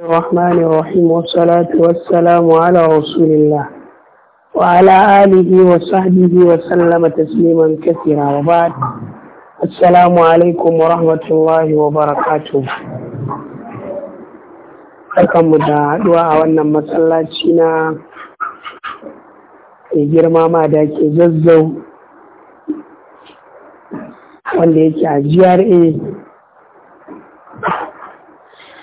الرحمن الرحيم والصلاة والسلام على رسول الله وعلى آله وصحبه وسلم تسليما كثيرا وبعد السلام عليكم ورحمة الله وبركاته mu da haɗuwa a wannan masallaci na ke girma ma da ke zazzau wanda yake a GRA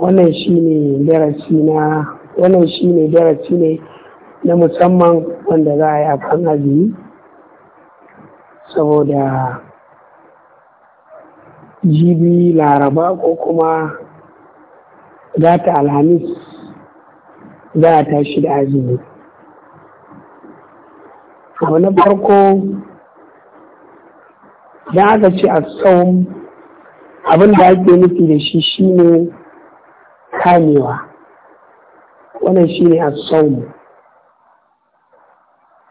wannan shine darasi na darasi ne na musamman wanda za a yi a kan azumi saboda jibi laraba ko kuma za alhamis za a tashi da azumi abu na farko da aka ce a tsawon abin da ake nufi da shi shine kamewa wannan shine a sawm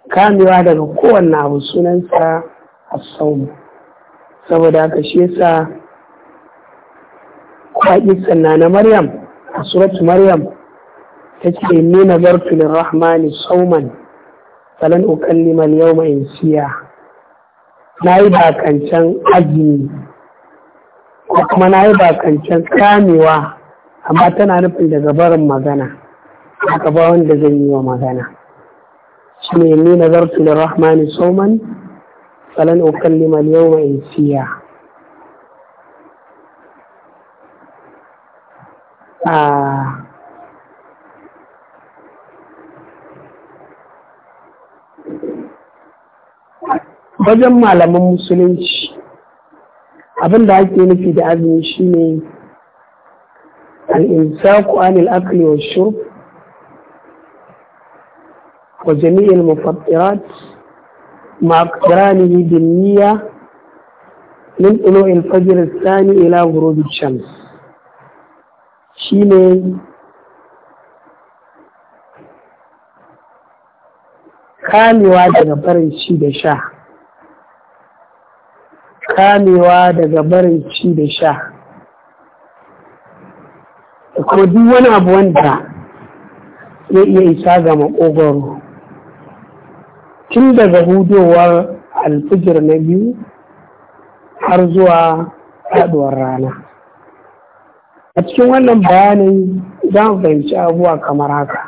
kamewa daga kowanne abu sunansa a sawm saboda aka shi yasa kwaɗi na maryam a suratu maryam ta ce ni nazartu lirrahmani sauman ukan liman yau mai siya na yi bakancan azumi ko kuma na yi bakancan kamewa amma tana nufin daga barin magana haka ba wanda zan yi wa magana shi ne ni nazartu da rahmani soman falan yau yawma insiya a ah. wajen malaman musulunci abin da ake nufi da azumi shi ne الإمساك عن الأكل والشرب وجميع المفطرات مع اقترانه بالنية من طلوع الفجر الثاني إلى غروب الشمس شيني kamewa daga barin ci da sha kamewa daga barin ci da sha Kuma duk wani abu wanda ya iya isa ga makogoro tun daga hudowar alfijir na biyu har zuwa haɗuwar rana a cikin wannan bayanin za mu fahimci abuwa kamar haka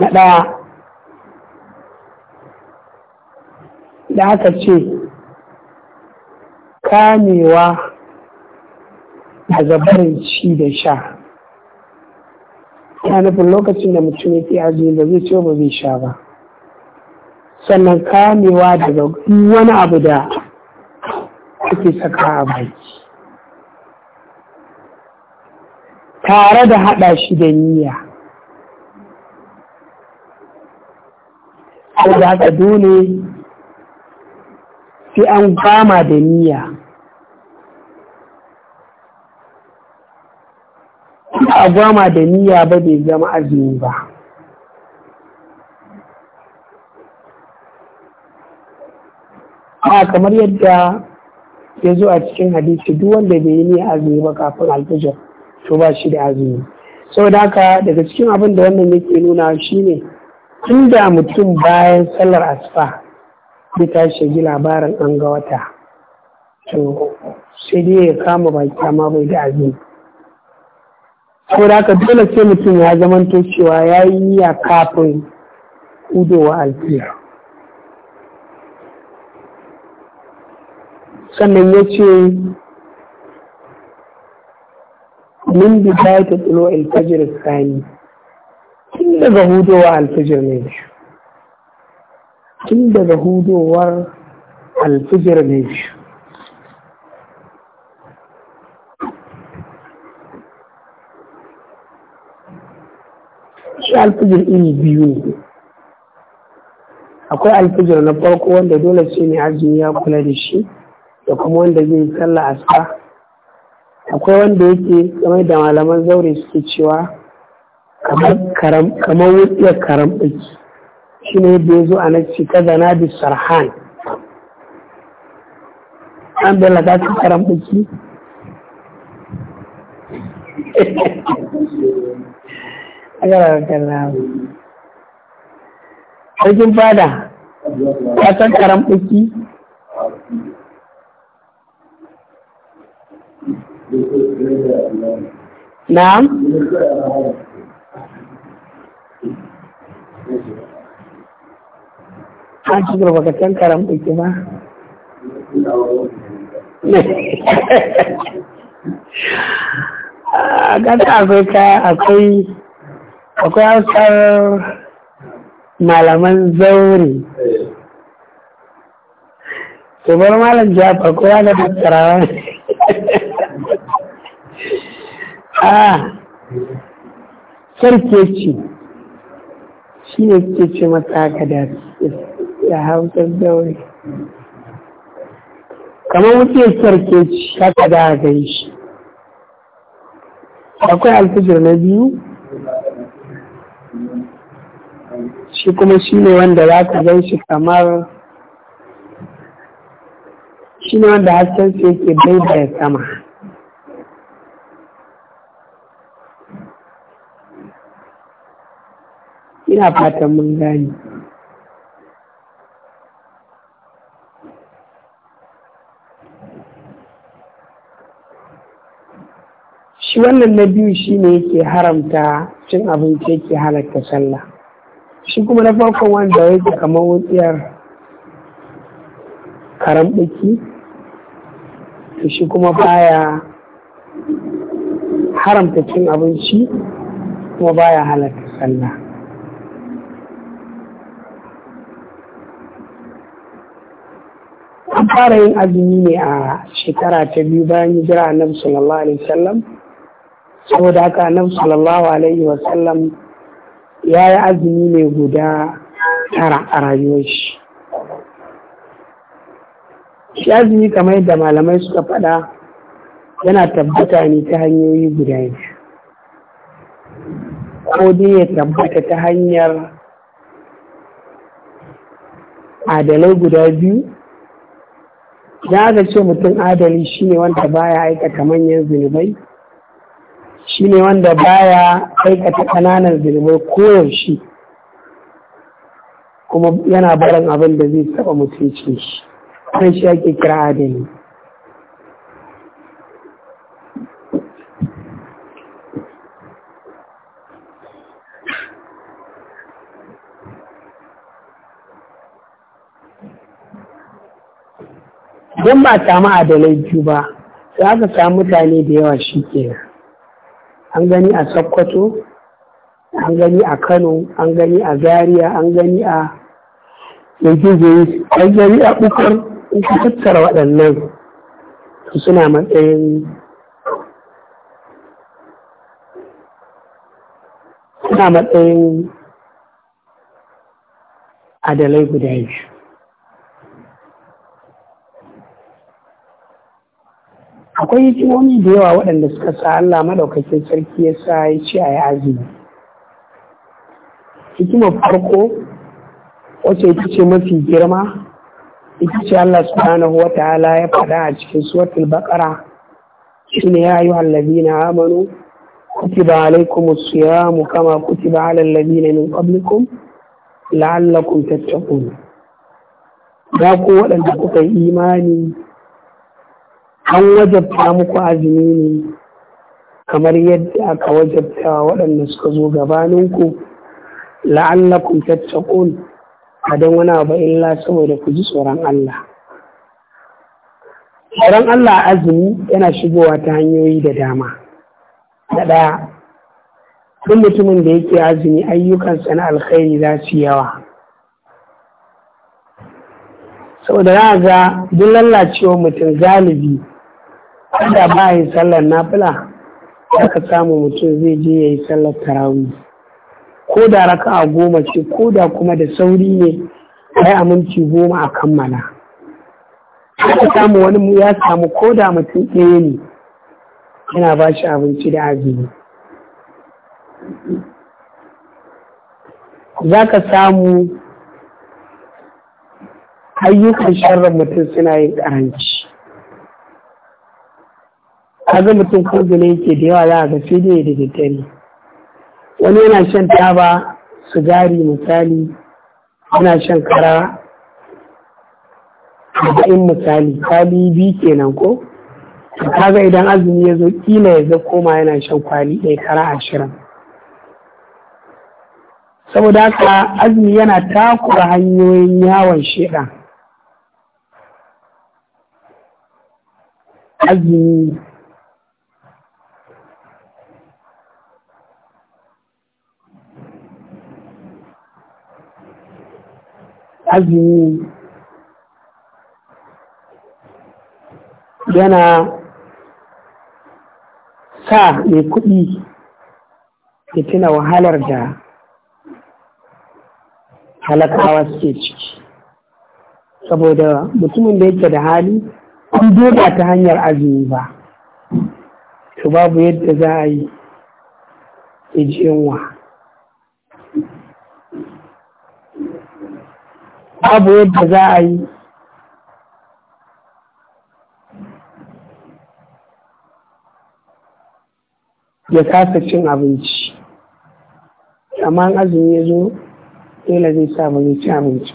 na ɗaya da aka ce kamewa a zabarin ci da sha ya nufin lokacin da mutum ya fi arziki ba zai ce ba zai sha ba sannan kamewa daga wani abu da ake saka a baki tare da haɗa shi da niyya da haka dole sai an kama da niyya ba a gwama da niyya ba bai zama azumi ba a kamar yadda ya zo a cikin hadisi duk wanda bai yi niyya azumi ba kafin alfijir to ba shi da azumi saboda haka daga cikin abin da wannan yake nuna shine inda mutum bayan sallar asfa bai tashi ji labarin an ga wata to sai dai ya kama baki amma bai da azumi Koda ka haka dole sai mutum ya zamanto cewa ya yi ya kafin kudowa alfiya sannan ya ce min bi ta tsilo alfajir sani tun daga hudowa alfajir ne tun daga hudowar alfajir ne shi alfijir iri biyu ne akwai alfijir na farko wanda dole ce ne azumi ya kula da shi da kuma wanda zai yi sallah asa akwai wanda yake kamar da malaman zaure suke cewa kamar wutsiya karam ɗaki shi ne yadda ya zo a nan kaza na bi sarhan an bela ta ci karam sarkin fada ya san karan ɓuki na'am an ci gaba ka san karan ɓuki ba a ƙasa akwai akwai hausar malaman zaure to bar malam jafar ko ya ga ne? a sarki ce shi ne ke ce mata haka da ya hausar zaure kamar wuce sarki ce haka da haka yi shi akwai alfijir na biyu shi kuma shi ne wanda za ka zai shi kamar shi ne wanda hasken su yake daidai sama ina fatan mun gani shi wannan na biyu shi ne yake haramta cin abinci yake halatta sallah shi kuma na farkon wanda yake kamar wutsiyar karan biki shi kuma baya haramta cin abinci kuma baya halatta sallah an fara yin azumi ne a shekara ta biyu bayan jira a nan sallallahu alaihi wasallam saboda haka nan sallallahu alaihi wasallam ya yi azumi ne guda tara a rayuwar shi shi azumi kamar yadda malamai suka faɗa yana tabbata ne ta hanyoyi guda yi. ko dai ya tabbata ta hanyar adalai guda biyu Ya aka ce mutum adali shine wanda baya aikata manyan zunubai Shi ne wanda baya aikata kananan zunubai koyaushe kuma yana barin abin da zai taba mutunci shi kan shi ake kira adini don ba a samu adalai biyu ba za ka samu mutane da yawa shi kenan an gani a sokoto an gani a kano an gani a zaria an gani a yankin an gani a bukar in ka tattara waɗannan suna matsayin suna matsayin adalai guda biyu akwai hikimomi da yawa waɗanda suka sa Allah maɗaukakin sarki ya sa ya ce a yi azumi hikimar farko wacce ita ce mafi girma ita ce Allah subhanahu wa ta'ala ya faɗa a cikin suratul shi shine ya ayu allazina amanu kutiba mukama, siyamu kama ba alal na min qablikum la'allakum tattakun. da ku waɗanda kuka yi imani an wajabta muku azumi ne kamar yadda aka wajabta waɗanda suka zo gabaninku la'allakum tattaqun a don wani abu illa saboda ku ji tsoron Allah tsoron Allah azumi yana shigowa ta hanyoyi da dama na ɗaya duk mutumin da yake azumi ayyukansa na alkhairi za su yawa saboda za ga duk lallacewa mutum galibi wanda ba yi sallar nafila ka samu mutum zai je ya yi sallar tarawih ko da raka a goma ce ko da kuma da sauri ne a yi aminci goma a kammala ka samu wani ya samu ko da mutum ɗaya ne yana ba shi abinci da azumi za ka samu ayyukan sharrin mutum suna yin ƙaranci kaga mutum ko ne yake da yawa za ga sai dai da daddare wani yana shan taba sigari misali yana shan kara arba'in misali kwali biyu kenan ko kaga idan azumi ya zo kila ya zo koma yana shan kwali ɗaya kara ashirin saboda haka azumi yana takura hanyoyin yawon shida azumi azumi yana sa mai kuɗi ya tuna wahalar da halakawa suke ciki saboda mutumin da yake da hali an doga ta hanyar azumi ba to babu yadda za a yi ya ji babu yadda za a yi ya kasa cin abinci amma azumi ya zo dole zai sa ba zai ci abinci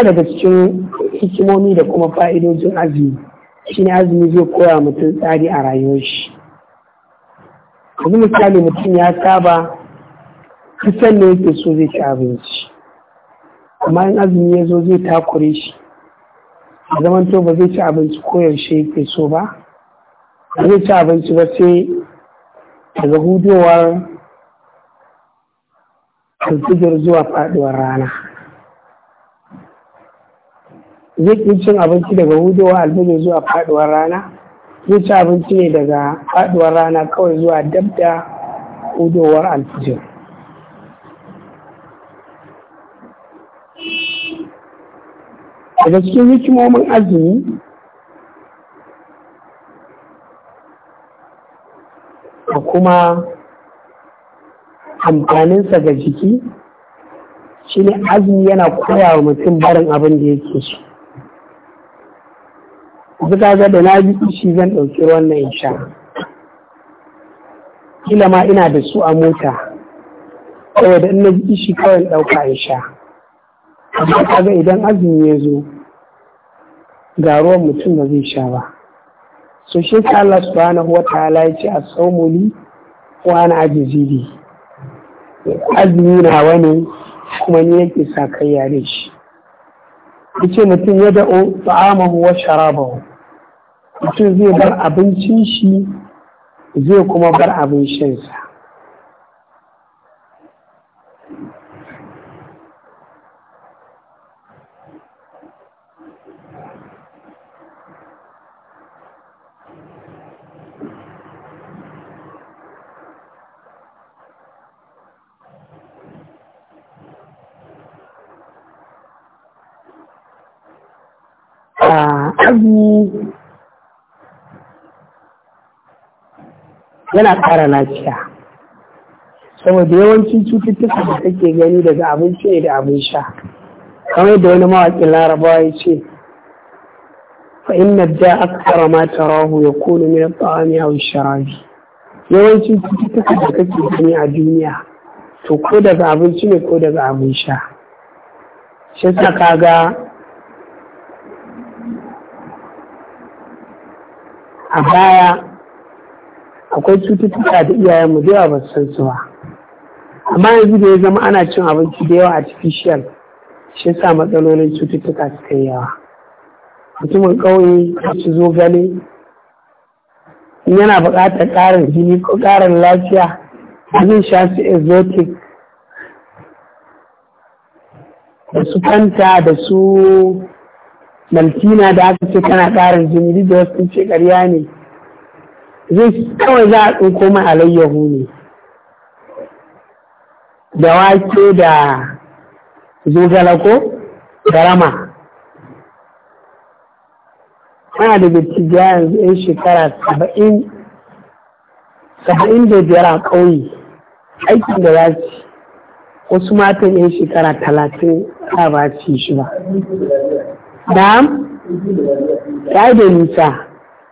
yana daga cikin hikimomi da kuma fa'idojin azumi shi ne azumi zai koya mutum tsari a rayuwar shi yanzu misali mutum ya saba kusan ne yake so zai ci abinci amma in azumi ya zo zai takure shi a zaman to ba zai ci abinci ko yaushe yake so ba ba zai ci abinci ba sai daga hudowar alfijir zuwa faɗuwar rana zai ƙin cin abinci daga hudowa alfajir zuwa faɗuwar rana zai ci abinci ne daga faɗuwar rana kawai zuwa dab da hudowar daga cikin hikimomin azumi da kuma amfaninsa ga jiki shi ne azumi yana koya wa mutum barin abin da yake so zuka ga da na ji kishi zan ɗauki wannan nan sha kila ma ina da su a mota kawai da na ji kishi kawai ɗauka in sha amma kaga idan azumi ya zo ga ruwan mutum ba zai sha ba so shi ka Allah subhanahu wa ta'ala ya ce a saumuli wa ana ajizili azumi na wani kuma ni yake sa kai ya shi yace mutum ya da'o ta'amahu wa sharabahu mutum zai bar abincin shi zai kuma bar abin shansa you. Ah, yana ƙara lafiya saboda yawancin cututtuka da take gani daga abinci ne da abin sha kamar yadda wani mawaƙin larabawa ya ce fa inna da akthara ma tarahu yakunu min at-ta'ami aw ash-sharabi yawancin cututtuka da kake gani a duniya to ko daga abinci ne ko daga abin sha shi ka kaga a baya akwai cututtuka da iyayenmu da yawa ba su san su ba amma yanzu da ya zama ana cin abinci da yawa artificial shi sa matsalolin cututtuka suka yi yawa mutumin ƙauye ya ci zo gani yana buƙatar ƙarin jini ko ƙarin lafiya zai sha su exotic da su fanta da su maltina da aka ce tana ƙarin jini duk da wasu ce ƙarya ne zai kawai za a tsinko mai alayyahu ne da wake da zogala ko da rama ana da bittiga yanzu yan shekara saba'in saba'in da biyar a ƙauye aikin da za ci wasu matan yan shekara talatin a ba ci shi ba da ya da nisa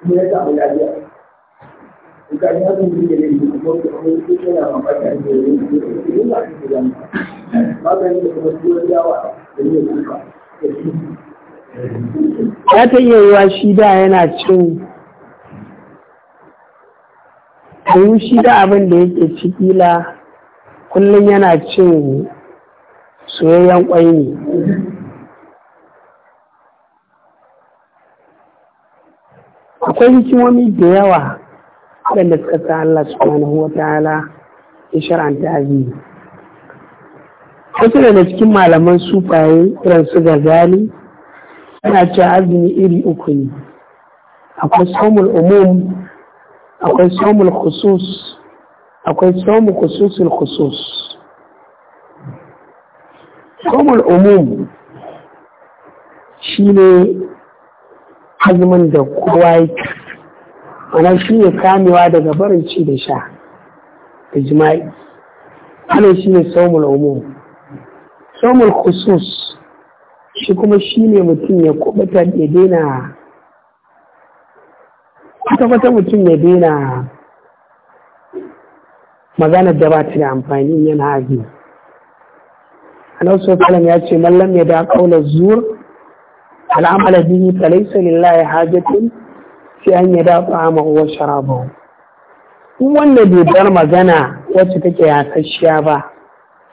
kuma ya samu lafiya idan ya zo da yin duk ko ko ko yana mamaki da yin duk ko ko ba shi da magani da kuma ciwon yawa da yin duk ya ta iya yiwa shi da yana cin domin shi da abin da yake ci kila kullum yana cin soyayyen kwai ne akwai hikimomi da yawa waɗanda suka sa Allah subhanahu wa ta'ala ya shar'anta azumi wasu daga cikin malaman sufaye irin su gazali suna cewa azumi iri uku ne akwai saumul umum akwai saumul khusus akwai saumul khususul khusus saumul umum shine azumin da kowa ya ana shi ne kamewa daga barin ci da sha da jima'i ana shi ne saumul umu saumul khusus shi kuma shi ne mutum ya kubuta ya daina kuta kwata mutum ya daina magana da ba ta da amfani yana azumi. Anau kalan ya ce, Mallam ya da kaunar zuwa al'amala bihi falaysa lillahi hajatun fi an yada ta'amahu wa In wanda bai bar magana wacce take yasasshiya ba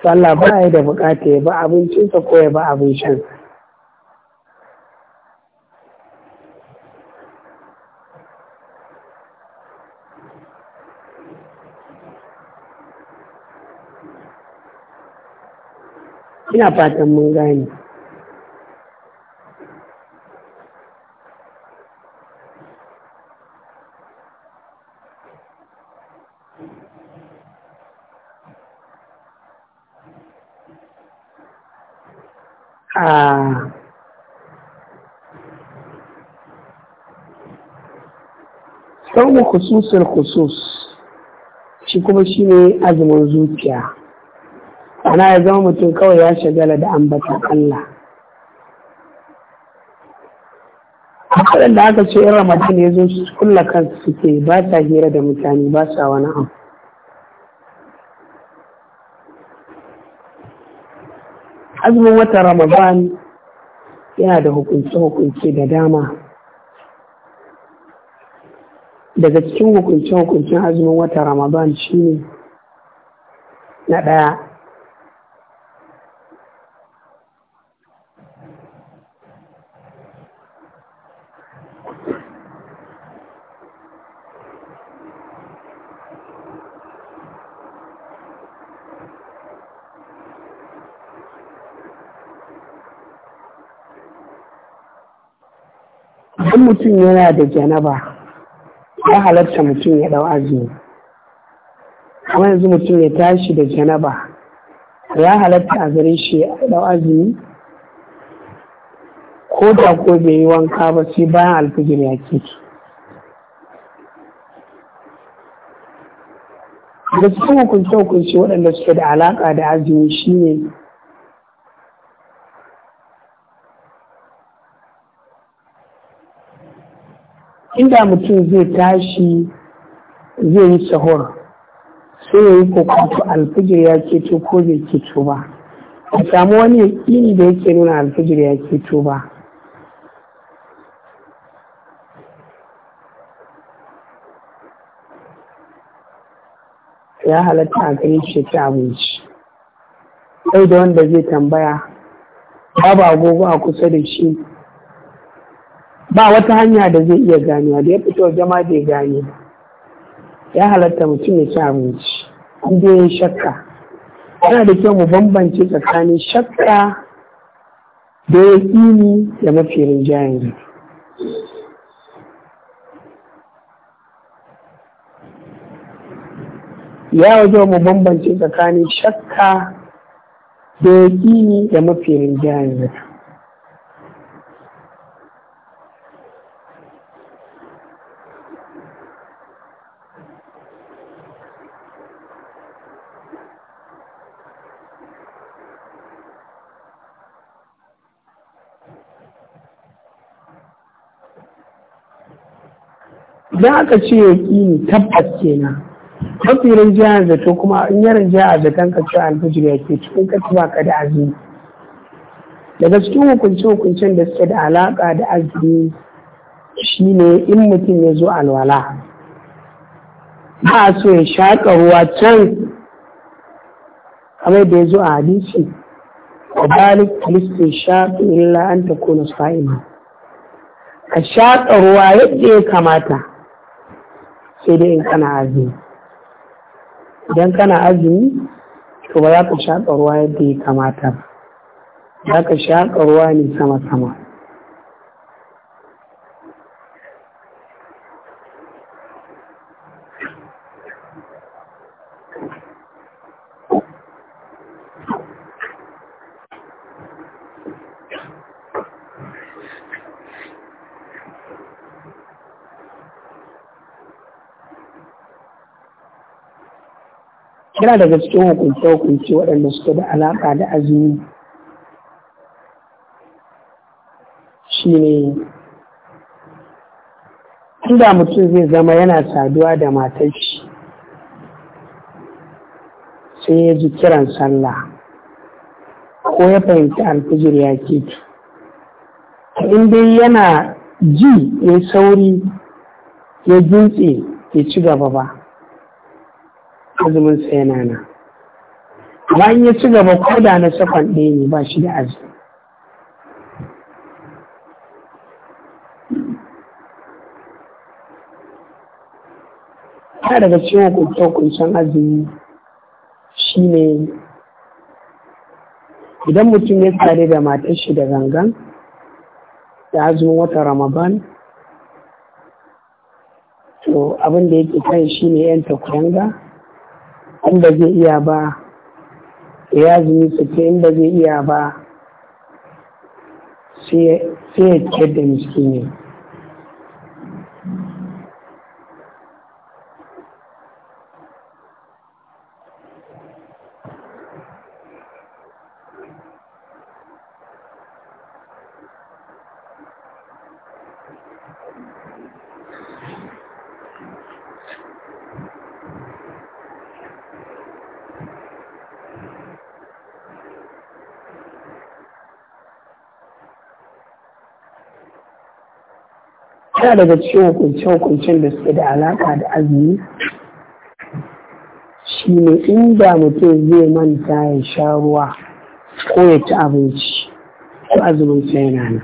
to Allah ba yi da bukata ya ba abincinsa ko ya ba abin shansa ina fatan mun gane saumu khususul khusus shi kuma shi ne azumin zuciya ana ya zama mutum kawai ya shagala da ambatan Allah da aka ce 'yan ramadan ya zo su kulla kansu suke ba sa hira da mutane ba sa wani abu azumin watan ramadan yana da hukunce-hukunce da dama daga cikin hukunce hukuncin azumin wata ramadan shine na ɗaya idan mutum yana da janaba ya halarta mutum ya ɗau azumi kuma yanzu mutum ya tashi da janaba ya halatta a gare shi ya ɗau azumi ko da ko bai yi wanka ba sai bayan alfijir ya ke da cikin hukunce hukunce waɗanda suke da alaƙa da azumi shine inda mutum zai tashi zai yi sahur sai ya yi kokonto alfijir ya keto ko bai keto ba a samu wani yin da yake nuna alfijir ya keto ba ya halatta a gare shi ta abinci sai da wanda zai tambaya babu agogo a kusa da shi ba wata hanya da zai iya ganewa da ya fito waje ma bai gane ba ya halatta mutum ya ci abinci inda ya shakka yana da kyau mu bambance tsakanin shakka da ya ƙini da mafi rinjayen ya waje mu bambance tsakanin shakka da ya ƙini da mafi rinjayen idan aka ce ya ƙini tabbas kenan mafi jihar da to kuma in yi rinjiyar da kan ka ce alfijir ya ke cikin ka ba ka da azumi daga cikin hukunce-hukuncen da suke da alaƙa da azumi shine in mutum ya zo alwala ba a so ya shaƙa ruwa can kamar da ya zo a hadisi wa balik kalistin shaƙi illa an ta kona sa'ima ka shaƙa ruwa yadda ya kamata sai dai in kana azumi idan kana azumi to ba za ka shaƙa ruwa yadda ya kamata ba za ka shaƙa ruwa ne sama-sama yana daga cikin hukunce-hukunce waɗanda suka da alaƙa da azumi shi ne inda mutum zai zama yana saduwa da matar shi sai ya ji kiran sallah ko ya fahimci alfijir ya ke in dai yana ji ya sauri ya dutse ya ci gaba ba azumin sa yana na bayan ya ci gaba ko da na sakon ɗaya ne ba shi da azumi ta daga cikin hukuncen azumi shi ne idan mutum ya tsari da matar shi da gangan da azumin wata ramadan to abin da yake kai ne yan takuyanga in ba zai iya ba ya zumi suke in ba zai iya ba sai ya ciyar da miskini yana daga cikin hukunce-hukuncen da suke da alaka da azumi shi ne inda mutum zai manta ya sha ruwa ko ya ci abinci ko azumin sa yana nan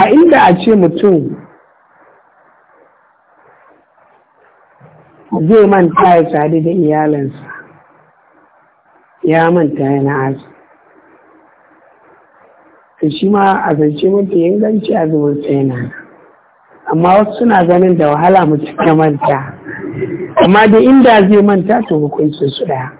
a inda a ce mutum zai manta ya sadu da iyalansa ya manta yana azumi to shi ma a zance yin inganci azumin sa na? amma wasu suna ganin da wahala mutu ya manta amma da inda zai manta to hukunci su daya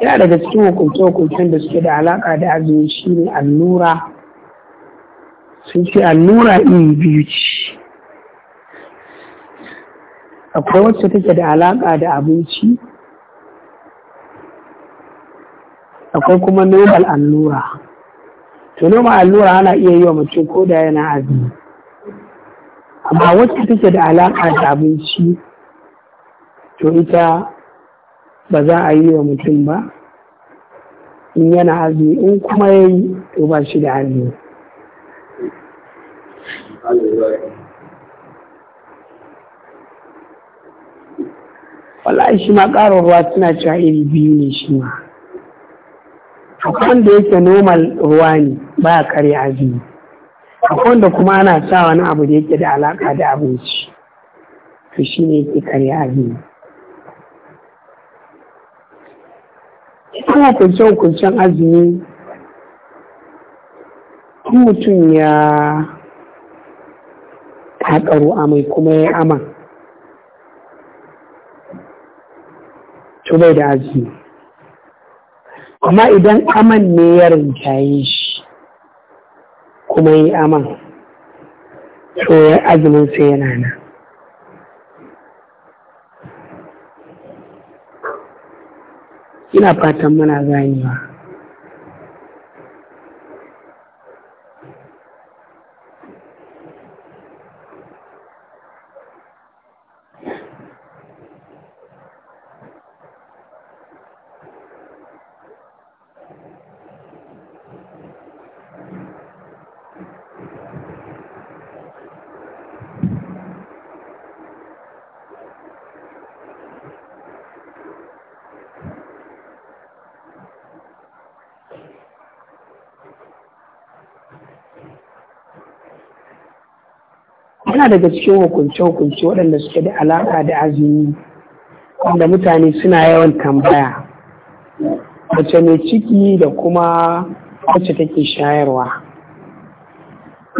yana daga cikin hukunce-hukuncen da suke da alaka da azumi ne allura sun ce allura in biyu ci. akwai wacce take da alaka da abinci akwai kuma normal allura to normal allura ana iya yi wa mutum ko da yana azumi amma wacce take da alaƙa da abinci to ita ba za a yi wa mutum ba in yana azumi in kuma ya yi to ba shi da hannu wallahi shi ma ƙara ruwa suna cewa iri biyu ne shi ma akwai wanda yake normal ruwa ne ba karya azumi akwai wanda kuma ana sa wani abu da yake da alaka da abinci to shi ne yake karya azumi ita hukuncen-hukuncen azumi in mutum ya taƙaru amai kuma ya aman to bai da azumi amma idan aman ne ya rinjaye shi kuma yi aman to ya azumin sai yana nan ina fatan muna ganewa yana daga cikin hukunce-hukunce waɗanda suke da alaƙa da azumi wanda mutane suna yawan tambaya mace mai ciki da kuma wacce take shayarwa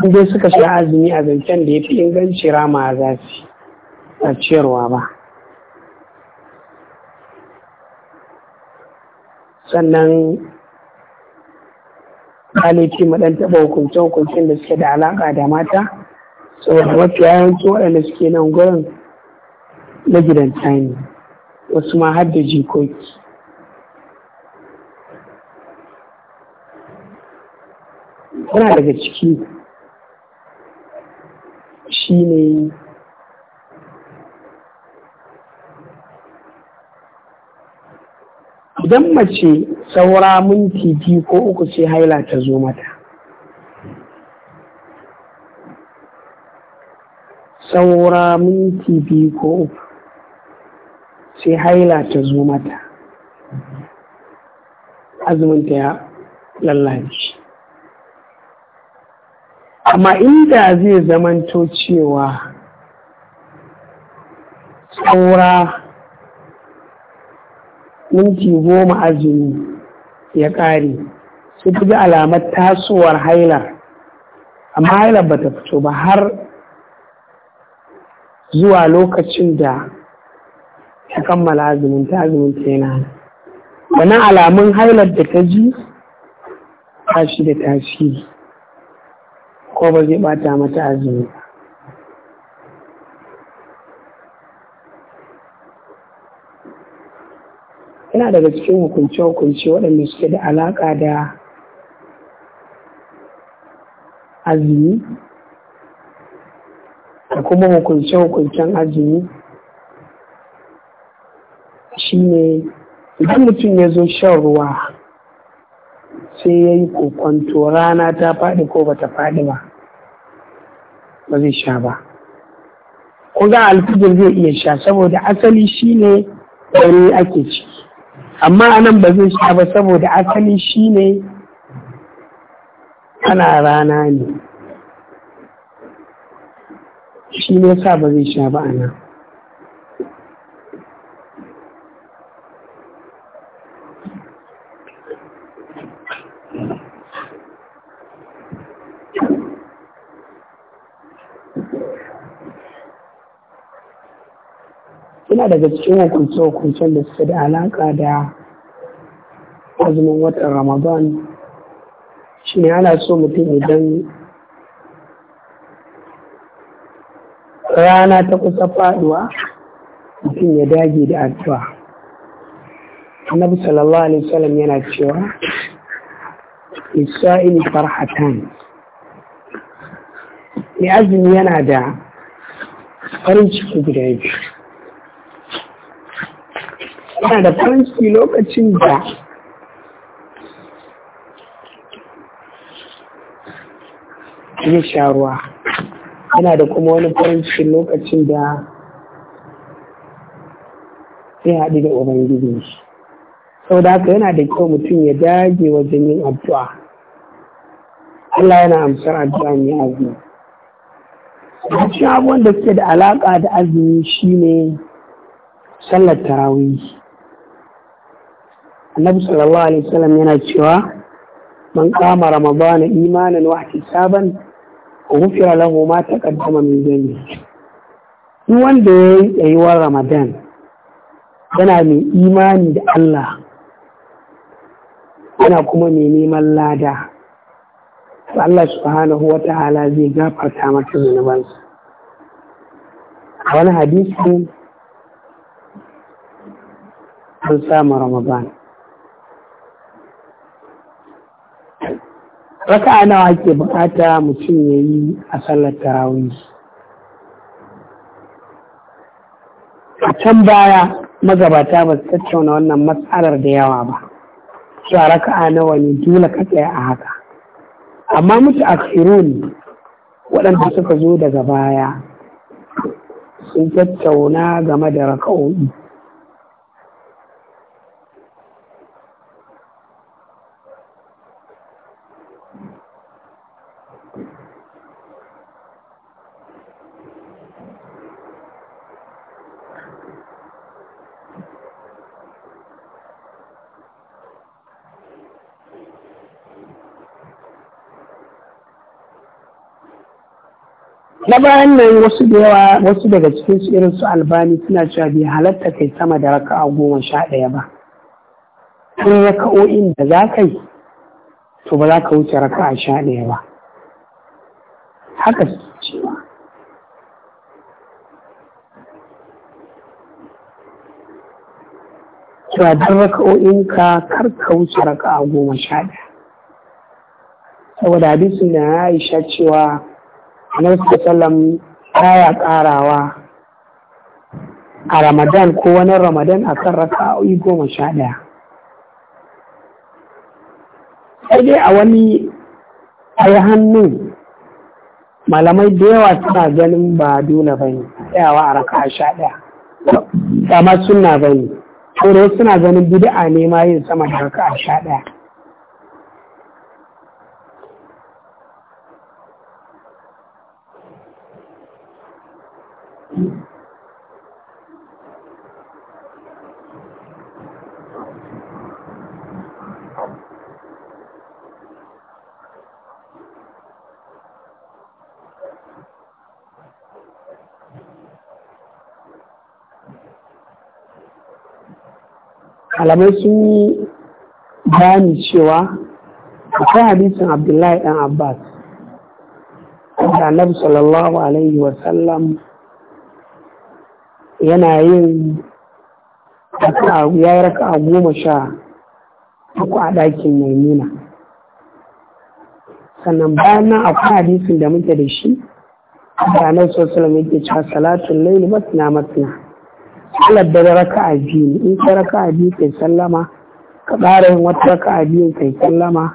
dai suka sha azumi a zancen da ya fi inganci rama a zafi a ciyarwa ba sannan kalifi maɗan taɓa hukunce-hukuncen da suke da alaƙa da mata saboda mafi yawanci waɗanda suke nan gurin gidan ne wasu ma har da jikoki yana daga ciki shi ne idan mace saura minti biyu ko uku sai haila ta zo mata saura minti biyu ko uku sai haila ta zo mata azuminta ya lallace amma inda zai zamanto cewa saura minti goma azumi ya ƙare sai ta ji alamar tasowar hailar amma hailar ba ta fito ba har zuwa lokacin da ta kammala azumin ta azumin ta yana Wani alamun hailar da ta ji ba da tasiri ko ba zai bata mata azumi ba yana daga cikin hukunce-hukunce waɗanda suke da alaƙa da azumi da kuma hukunce-hukuncen azumi ne idan mutum ya zo shan ruwa sai ya yi kokonto rana ta faɗi ko bata faɗi ba ba zai sha ba ko ga alfijir zai iya sha saboda asali shine dare ake ciki amma anan ba zai sha ba saboda asali shi ne ana rana ne shi ne sa ba zai sha ba a nan yana daga cikin hukunce-hukuncen da suke da alaƙa da azumin watan ramadan shi ne ana so mutum idan rana ta kusa faduwa mutum ya dage da addu'a annabi sallallahu alaihi wasallam yana cewa isra'ili farhatan mai azumi yana da farin ciki guda biyu yana da farin ciki lokacin da ya sha ruwa yana da kuma wani farin cikin lokacin da zai haɗu da ubangiji shi sau da haka yana da kyau mutum ya dage wajen yin addu'a Allah yana amsar addu'a mai azumi cikin abubuwan da suke da alaƙa da azumi shine sallar tarawih annabi sallallahu alaihi wasallam yana cewa man kama ramadana imanan wa ihtisaban ghufira lahu ma taqaddama min dhanbi Ni wanda ya yi Ramadan yana mai imani da Allah yana kuma mai neman lada Allah subhanahu wa ta'ala zai gafarta mata zunubansa a wani hadisi an samu Ramadan raka nawa ake bukata mutum ya yi a sallar tarawih a can baya magabata ba su tattauna wannan matsalar da yawa ba cewa raka'a nawa ne dole ka tsaya a haka amma mutu akhirun waɗanda suka zo daga baya sun tattauna game da raka'o'i na bayan nan wasu da yawa wasu daga cikin su irin su albani suna cewa bai halatta kai sama da raka a goma sha ɗaya ba kun raka'o'in da za ka yi to ba za ka wuce a sha ɗaya ba haka su cewa cewa don O kar ka wuce raka a goma sha ɗaya saboda hadisin da Aisha cewa Annabi sallam ya karawa a Ramadan ko wani Ramadan akan raka'o'i goma sha ɗaya. Sai dai a wani ai hannun malamai da yawa suna ganin ba dole ba ne tsayawa a raka sha ɗaya ma suna ba ne suna ganin bid'a ne ma yin sama da raka sha ɗaya alamai sun yi bayani cewa akwai hadisin abdullahi dan abbas da annabi sallallahu alaihi wasallam yana yin ya yi raka goma sha uku a ɗakin mai nuna sannan bayan nan akwai hadisin da muke da shi ranar nan mai yake cewa salatun laili matsina matsina salat da raka a biyu in ka raka a biyu kai sallama ka ɗara yin wata raka a biyu kai sallama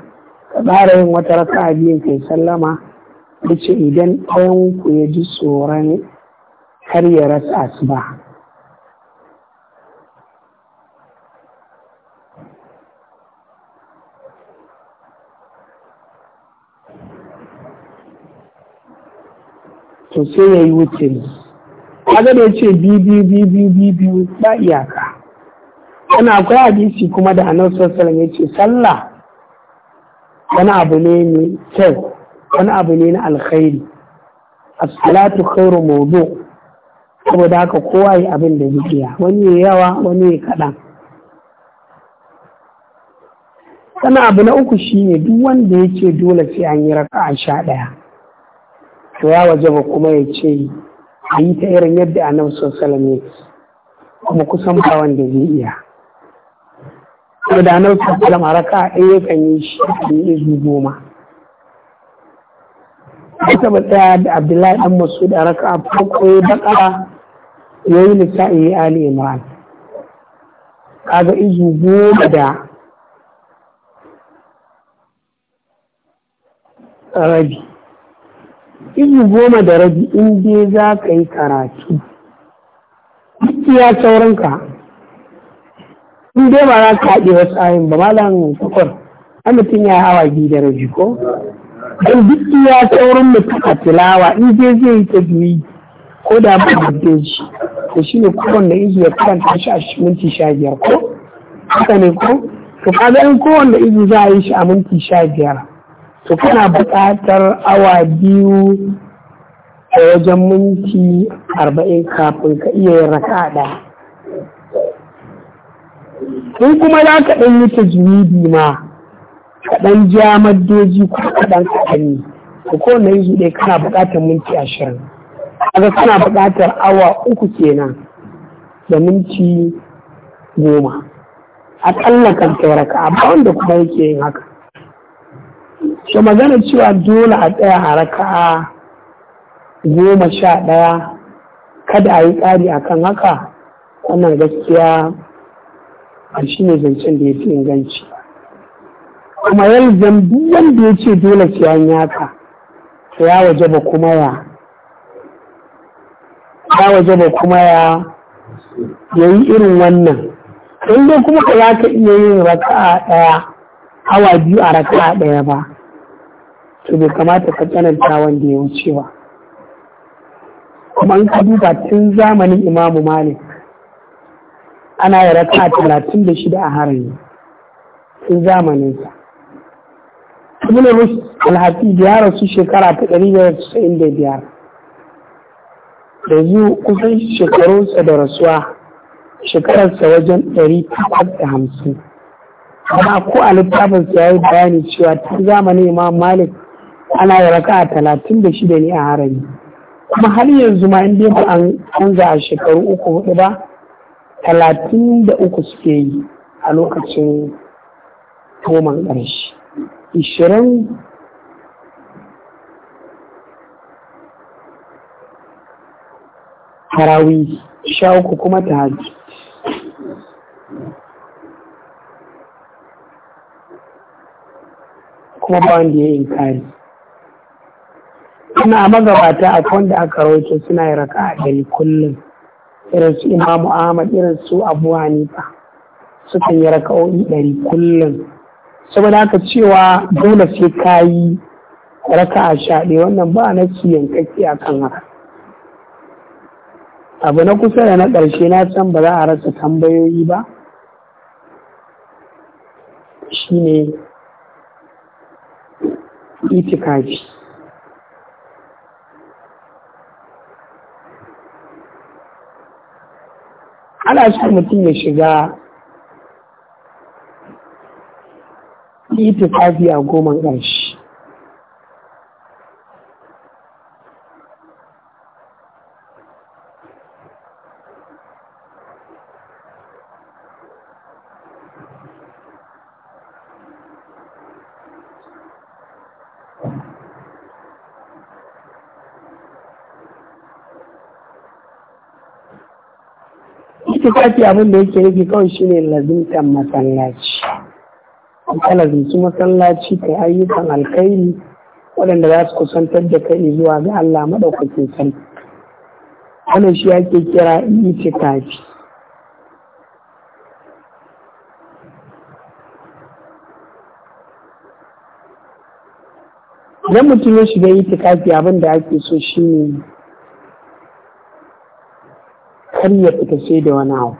ka ɗara yin wata raka a biyu kai sallama da ce idan ɗayan ku ya ji tsoron kar ya rasa asuba to sai ya yi ne kaga da ya ce biyu biyu biyu biyu biyu ba iyaka ana akwai hadisi kuma da annabi sassan ya ce sallah wani abu ne mai kyau wani abu ne na alkhairi as-salatu khairu mawdu saboda haka kowa yi abin da zai iya wani ya yawa wani ya kaɗan sannan abu na uku shine duk wanda yake dole sai an yi raka'a sha ɗaya to ya waje ba kuma ya ce a yi ta irin yadda nan sallallahu ya kuma kusan ba wanda zai iya to da annabi sallallahu a raka ɗaya kan yi shi yi izu goma ta ba tsaya da abdullahi dan masu da raka farko ya baka ya yi nisa yi ali imran kaga izu goma da rabi izu goma da rabi in dai za ka yi karatu duk ya sauranka in dai ba za ka haɗe wasu ayin ba malam takwar an mutum ya hawa biyu da rabi ko dan duk ya saurin mutum a tilawa in dai zai yi ta biyu ko da ba da shi to shine kowanne izu ya karanta shi a minti sha biyar ko haka ne ko to kaga in kowanne izu za a yi shi a minti sha biyar to kana buƙatar awa biyu a wajen minti arba'in kafin ka iya yin raka ɗaya in kuma za ka ɗan yi tajwidi ma ka ɗan ja maddoji ko ka ɗan kaɗani to ko na yanzu ɗaya kana buƙatar minti ashirin kaga kana buƙatar awa uku kenan da minti goma a kan tauraka a ba wanda kuma yake yin haka to magana cewa dole a tsaya a raka goma sha ɗaya kada a yi ƙari a kan haka wannan gaskiya a shi ne zancen da ya fi inganci kuma yalzan zambi wanda ya ce dole sai an yaka to ya waje ba kuma ya ya waje ba kuma ya yi irin wannan in dai kuma ka za ka iya yin raka'a ɗaya awa biyu a raka'a ɗaya ba to bai kamata ka tsananta wanda ya wuce ba kuma an ka duba tun zamanin imamu malik ana yi raka talatin da shida a harin. tun zamaninsa ibn rushd alhafi ya rasu shekara ta ɗari da casa'in da biyar da zu kusan shekarunsa da rasuwa shekararsa wajen ɗari takwas da hamsin amma ko a littafinsa ya yi bayani cewa tun zamanin imam malik ana yi raka'a talatin da shida ne a harami kuma har yanzu ma inda dai ba an canza a shekaru uku hudu ba talatin da uku suke yi a lokacin toman ƙarshe ishirin harawi sha uku kuma ta hajji kuma ba wanda ya yi inkari suna magabata a wanda aka rawaito suna yi raka a gari kullum irin su imamu ahmad irin su abu hanifa sukan yi raka'o'i ɗari kullum saboda haka cewa dole sai ka yi raka a shaɗe wannan ba na ci yankakke a kan haka abu na kusa da na ƙarshe na san ba za a rasa tambayoyi ba shi shine itikafi ana son mutum ya shiga itikafi a goma ƙarshe tufafi abin da yake nufi kawai shine lazimtan masallaci ka lazimci masallaci kai ayyukan alkairi waɗanda za su kusantar da kai zuwa ga Allah maɗaukakin sarki wannan shi ake kira tafi. idan mutum ya shiga itikafi abin da ake so shine ƙaryar ita ce da wani abu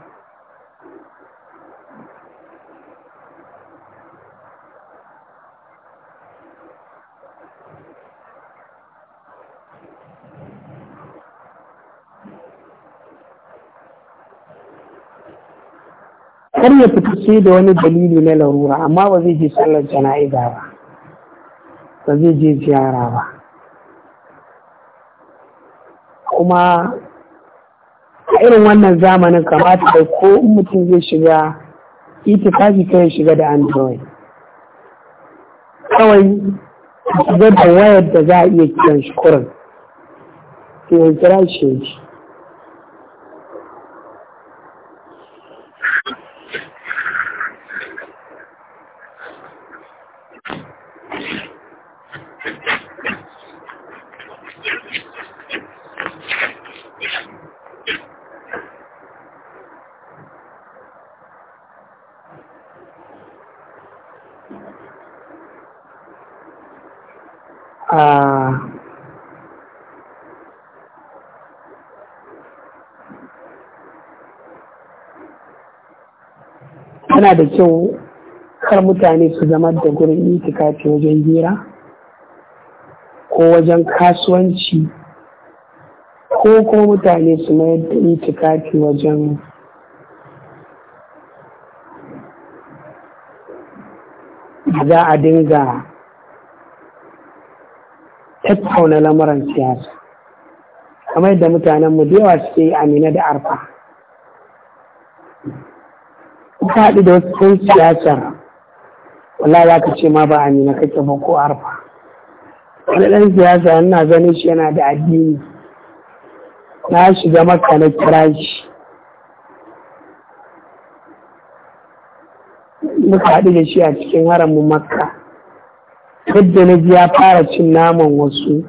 kar ya fita sai da wani dalili na larura amma ba zai je sallar jana'iza ba ba zai je ziyara ba kuma a irin wannan zamanin kamata da ko mutum zai shiga ita kaji ya shiga da android kawai shiga da wayar da za a iya kiran shi kurin sai yankira kira shi a da kyau kar mutane su zama da gurin itikafi wajen gera, ko wajen kasuwanci ko kuma mutane su mayar da itikafi wajen za a dinga tattauna lamuran siyasa kamar yadda mu da yawa suke yi amina da arfa ku faɗi da wasu sun siyasar wala za ka ce ma ba amina kake ba ko arfa wani ɗan siyasa yana zanen shi yana da addini na shiga maka na kira shi muka haɗu da shi a cikin haramin makka yadda na ji ya fara cin naman wasu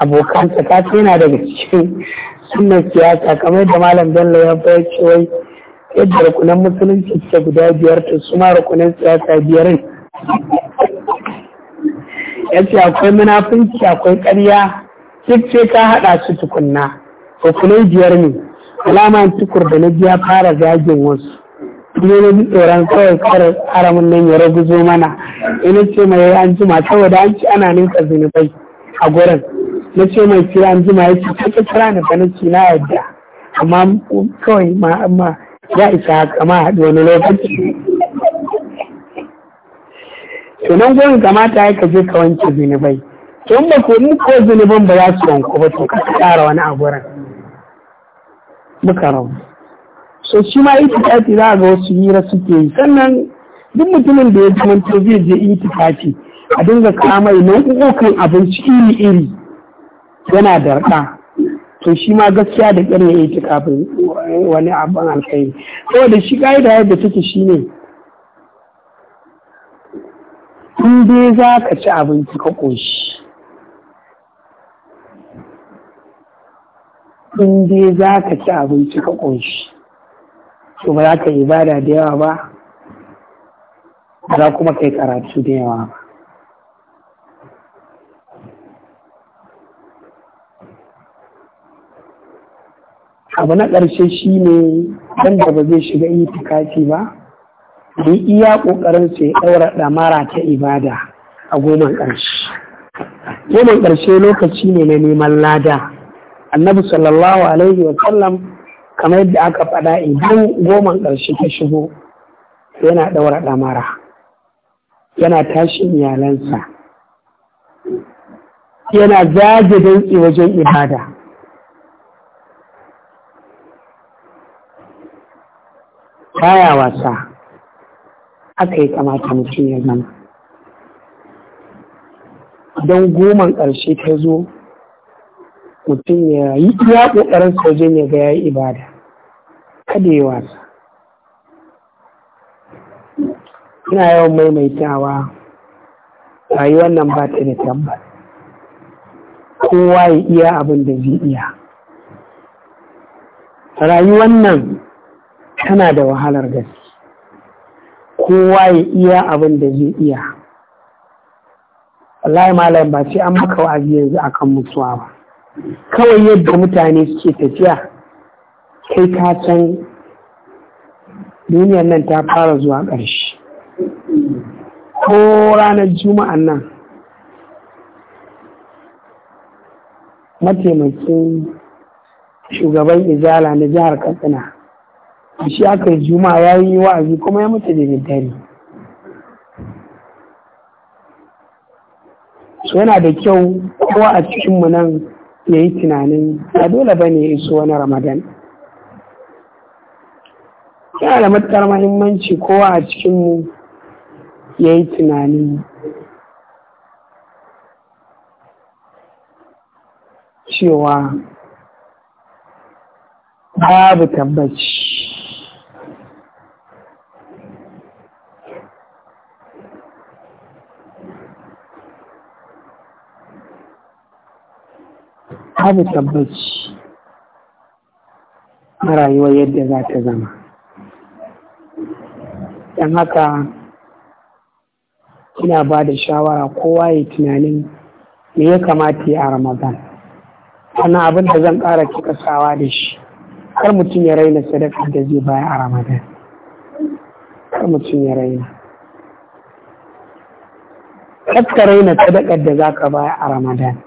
abokansa ta yana daga cikin sunan siyasa kamar da malam bello ya bayar cewai yadda rukunan musulunci ta guda biyar ta su ma rukunan siyasa biyar ya ce akwai munafunci akwai ƙarya duk ce ka haɗa su tukunna rukunai biyar ne alama tukur da na ji fara zagin wasu ne na ji tsoron kawai kar haramin nan ya ragu zo mana ina ce mai an jima saboda an ci ana ninka zunubai a gurin na ce mai sai an jima ya ce kake kira ni fa nace na yadda amma kawai ma amma ya isa haka ma haɗu wani lokaci to nan gurin kamata ya kaje ka wanke zunubai in ba ko mu ko zunuban ba za su wanku ba to ka ƙara wani a gurin muka rabu so shi ma itikafi za a ga wasu hira suke yi sannan duk mutumin da ya zama zamanto zai je itikafi a dinga na nau'ukan abinci iri iri yana da raka to shi ma gaskiya da ƙyar ya itikafin wani abin alkhairi saboda shi da yadda take shi ne in za ka ci abinci ka ƙoshi in za ka ci abinci ka ƙunshi to ba za ka ibada da yawa ba za kuma kai karatu da yawa ba abu na ƙarshe shi ne wanda ba zai shiga itikafi ba da iya ƙoƙarin su ya ɗaura ɗamara ta ibada a goman ƙarshe goman ƙarshe lokaci ne na neman lada annabi sallallahu alaihi wa sallam kamar yadda aka faɗa idan goman ƙarshe ta shigo yana ɗaura ɗamara yana tashi iyalansa yana zage danki wajen ibada kaya wasa aka yi kamata mutum ya zama don goman ƙarshe ta zo mutum ya yi iya ƙoƙarin wajen ya ga ya yi ibada kada ya wasa ina yawan maimaitawa rayuwar nan ba ta da tambar kowa ya iya abin da zai iya rayuwar nan tana da wahalar gaske kowa ya iya abin da zai iya wallahi malayin ba ce an maka wa'azi yanzu akan mutuwa ba kawai yadda mutane suke tafiya kai ka san duniyar nan ta fara zuwa ƙarshe ko ranar juma'an nan mataimakin shugaban izala na jihar katsina shi aka yi juma'a ya yi wa'azi kuma ya mutu da daddare yana da kyau kowa a cikinmu nan ya yi tunanin ba dole ba ne ya iso wani ramadan yana da matuƙar mahimmanci kowa a cikinmu ya yi tunanin cewa babu tabbaci abu tabbaci na rayuwar yadda za ta zama don haka ina ba da shawara kowa ya tunanin me ya kamata ya a ramadan wannan abin da zan ƙara sawa da shi har mutum ya raina sadaka da zai baya a ramadan har mutum ya raina kakka raina sadakar da za ka baya a ramadan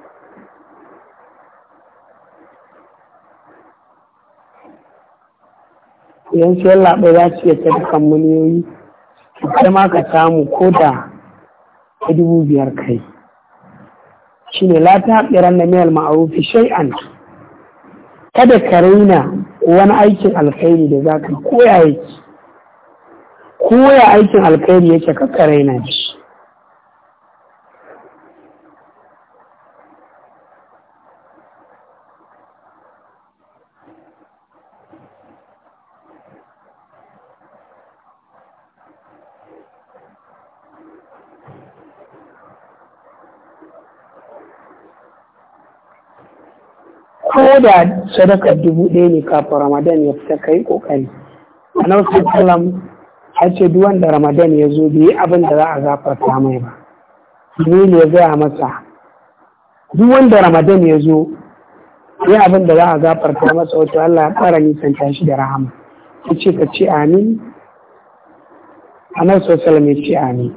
Yan shi yallaɓa za su iya sadakan miliyoyi kai ma ka samu ko da ta dubu biyar kai shi ne lati haɗiran na miyar ma'arufi shai'an kada ka raina wani aikin alkhairi da za ka koya yake koya aikin alkhairi yake ka raina shi ko da sadaka dubu ɗaya ne kafin ramadan ya fita kai kokari annabi sallam ya ce duk wanda ramadan ya zo bai abin da za a gafarta mai ba ne ya gaya masa duk wanda ramadan ya zo bai abin da za a gafarta masa wato Allah ya ƙara nisan shi da rahama ya ce ka ce amin annabi sallam ya ce amin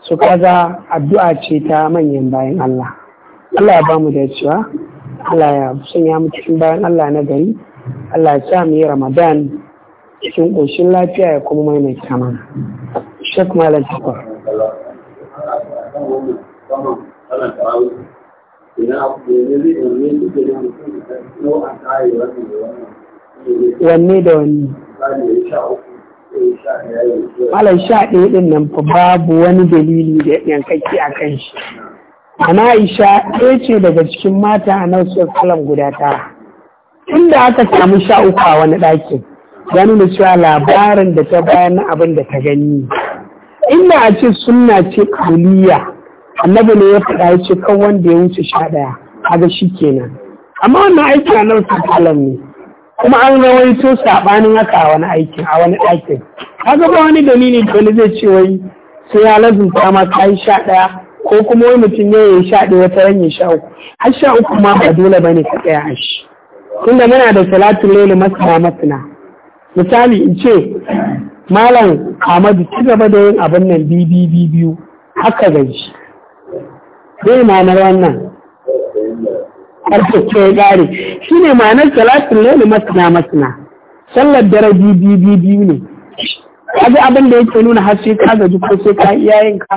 su kaza addu'a ce ta manyan bayan Allah Allah ya bamu da cewa Allah ya sanya mu cikin bayan Allah na gari Allah ya sa mu yi Ramadan cikin ƙoshin lafiya ya kuma mai mai kama Sheikh Malam Tafa wanne da wanne Malam sha ɗaya ɗin nan fa babu wani dalili da yankaki a kan shi ana aisha ɗaya ce daga cikin mata a nan sosalam guda tara inda aka samu sha uku a wani ɗakin ya nuna cewa labarin da ta bayan na abin da ta gani inda a ce sunna ce kuliya annabi ne ya faɗa ya ce kan wanda ya wuce sha ɗaya a ga shi kenan amma wannan aiki a nan sosalam ne kuma an rawaito saɓanin haka a wani aikin a wani ɗakin kaga ba wani dalili da wani zai ce wai sai ya lazumta ma ta yi sha ɗaya ko kuma wani mutum yau ya sha ɗaya wata ran ya sha uku har sha uku ma ba dole bane ka tsaya a shi tunda muna da salatul laili masana masana misali in ce malam Ahmadu ci gaba da yin abin nan bibi biyu haka gaji zai ma'anar wannan harkar ce ya gare shi ne ma'anar salatul laili masana masana sallar dare bibi biyu ne kaji abin da yake nuna har sai ka gaji ko sai ka iyayenka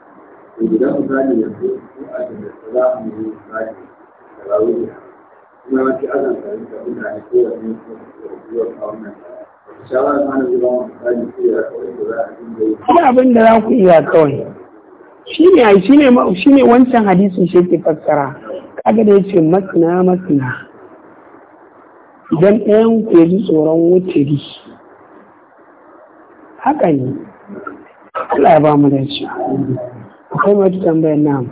to guda yanzu ko a jami'a za mu yi misali da rawiya kuma yawanci azan na ya a dinga abin da za ku iya kawai. Shi ne shi wancan hadisin shi ke fassara. Kaga da yace Idan ɗayan ku tsoron Haka ne. Allah ya ba mu da akwai mai tambayar na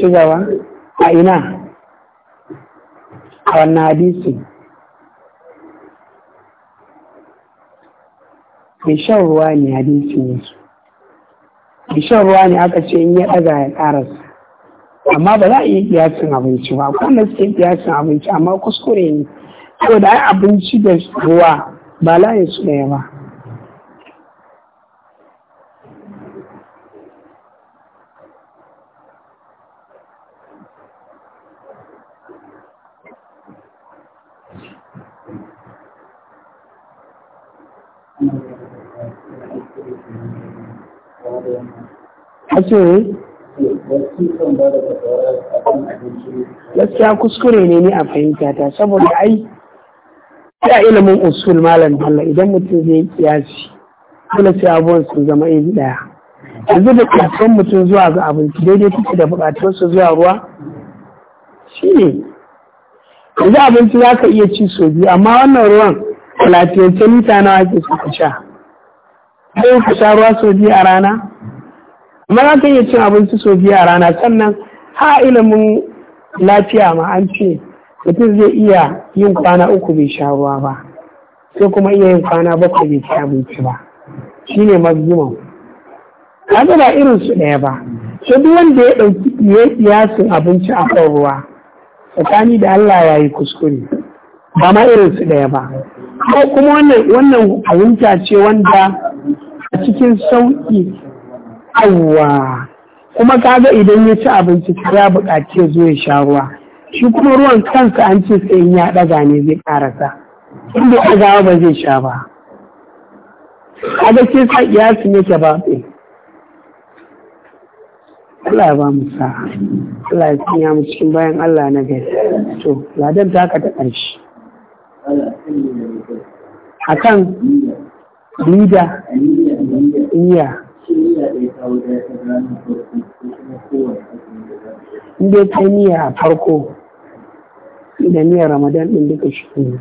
ke gaba? a ina a wannan hadisi mai shan ruwa ne hadisin yake mai shan ruwa ne aka ce in ya ɗaga ya ƙararsa. amma ba za a iya kiyasin abinci ba ko kuma suke kiyasin abinci amma kuskure ne saboda ai abinci da ruwa ba layin su ɗaya ba ce gaskiya kuskure ne ni a fahimta ta saboda ai ya ilimin usul malam Allah idan mutum zai kiyasi dole sai abubuwan sun zama iri daya yanzu da kasuwan mutum zuwa ga abinci daidai kuke da su zuwa ruwa shi ne yanzu abinci za ka iya ci so biyu amma wannan ruwan talatiyance mita nawa ake suka sha sai ku sha ruwa so biyu a rana kuma za ka iya cin abinci sau biya a rana sannan ha ilimin lafiya ma an ce mutum zai iya yin kwana uku bai sha ruwa ba sai kuma iya yin kwana bakwai bai ci abinci ba shine maximum kaga ba irin su ɗaya ba sai duk wanda ya ɗauki yasin abinci a kan ruwa tsakani da Allah ya yi kuskure ba ma irin su ɗaya ba ko kuma wannan wannan ce wanda a cikin sauƙi awwa kuma kaga idan ya ci abinci ya buƙaci ya zo ya sha ruwa shi kuma ruwan kansa an ce sai in ya ɗaga ne zai ƙarasa in bai ɗagawa ba zai sha ba kaga ke sa ya ne ke ba Allah ba mu sa Allah ya sanya mu cikin bayan Allah na gari to ladan ta ka ta ƙarshe akan lida iya in ta niyya a farko da niyyar ramadan ɗin duka shi ne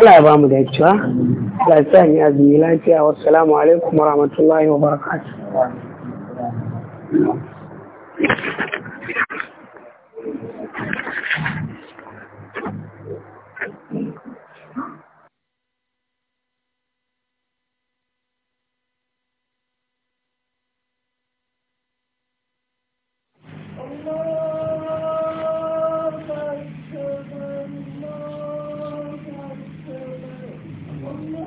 Allah ba mu dacewa ga sa ni azumi lafiya wa salamu alaikum wa rahmatullahi wa barakatuh